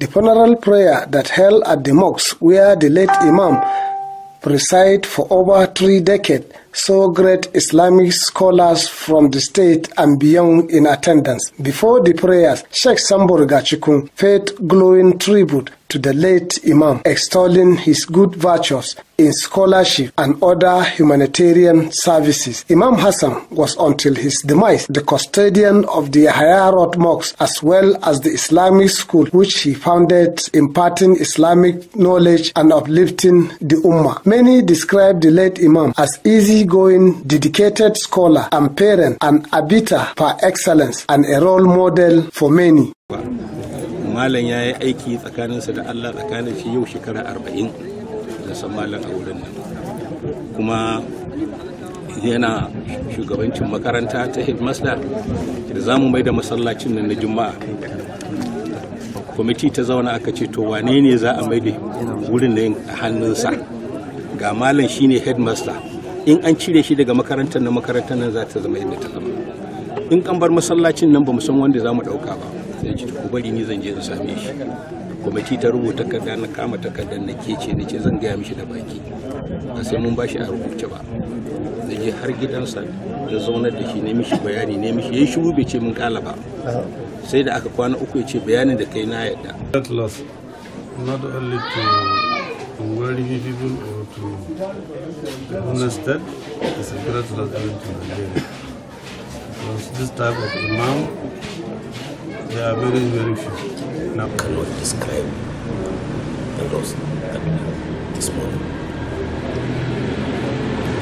The funeral prayer that held at the mosque where the late Imam presided for over three decades saw great Islamic scholars from the state and beyond in attendance. Before the prayers, Sheikh Sambor Gachikun paid glowing tribute to the late Imam, extolling his good virtues in scholarship and other humanitarian services. Imam Hassan was until his demise the custodian of the Hayarot Mosque as well as the Islamic school which he founded imparting Islamic knowledge and uplifting the Ummah. Many describe the late Imam as easygoing, dedicated scholar and parent and arbiter par excellence and a role model for many. Wow. malam ya yi aiki tsakaninsa da allah tsakanin shi yau shekara arba'in da san malam a wurin nan kuma yana shugabancin makaranta ta headmaster da za mu mai da masallacin nan na juma'a kwamiti ta zauna aka ce to wane ne za a mai da wurin nan a hannunsa ga malam shine headmaster in an cire shi daga makarantar na makarantar nan za ta zama yadda ta zama in kan bar masallacin nan ba mu san wanda za mu ɗauka ba sai ce ku bari ni zan je in same shi kwamiti ta rubuta takarda na kama takarda na ke ce ce zan gaya mishi da baki a sai mun bashi a rubuce ba na je har gidansa da zaunar da shi ne mishi bayani ne mishi yayi shiru bai ce mun kala ba sai da aka kwana uku ya ce bayanin da kai na yadda at last not only to worry people or to understand is a great loss to to Nigeria because this type of imam There are very, very few. I cannot describe the loss that we have this morning.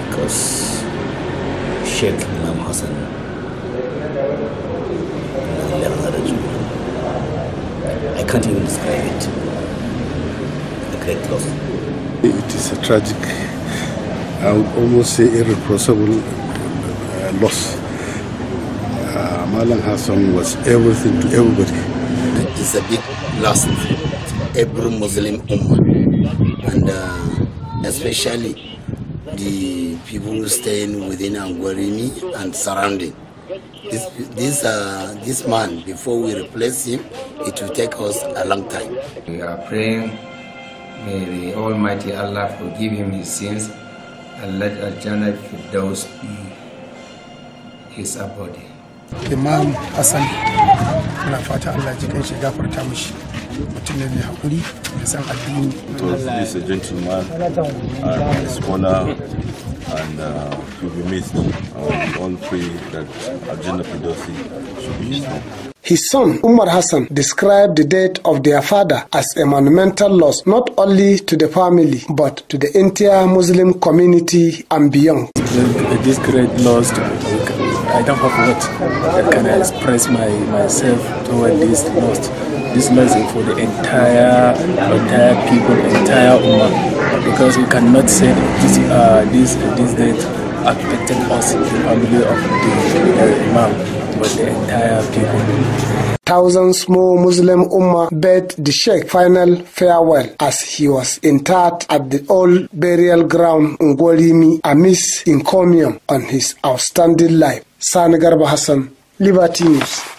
Because Sheikh Imam Hassan I can't even describe it. A great loss. It is a tragic, I would almost say irreversible uh, loss uh, Malang Hassan was everything to everybody. It's a big loss, every Muslim Ummah, and uh, especially the people staying within Angwarimi and surrounding. This, this, uh, this man, before we replace him, it will take us a long time. We are praying, may the Almighty Allah forgive him his sins and let Al-Jannah those be his abode. imam hassan muna fata allah ji kan shiga gafarta mishi mutum ne mai haƙuri da san addini to this a gentleman and a scholar and uh, to be missed uh, all pray that Arjuna Fidosi should be his His son, Umar Hassan, described the death of their father as a monumental loss not only to the family but to the entire Muslim community and beyond. This great loss I don't have words that can express my, myself toward this loss. This message for the entire, entire people, entire Ummah. Because we cannot say this, uh, this, this date affected us, the family of the, the Imam, but the entire people thousands more Muslim Ummah bade the Sheikh final farewell as he was interred at the old burial ground in Ngolimi amidst encomium on his outstanding life. Sani Garba Hassan, Liberty News.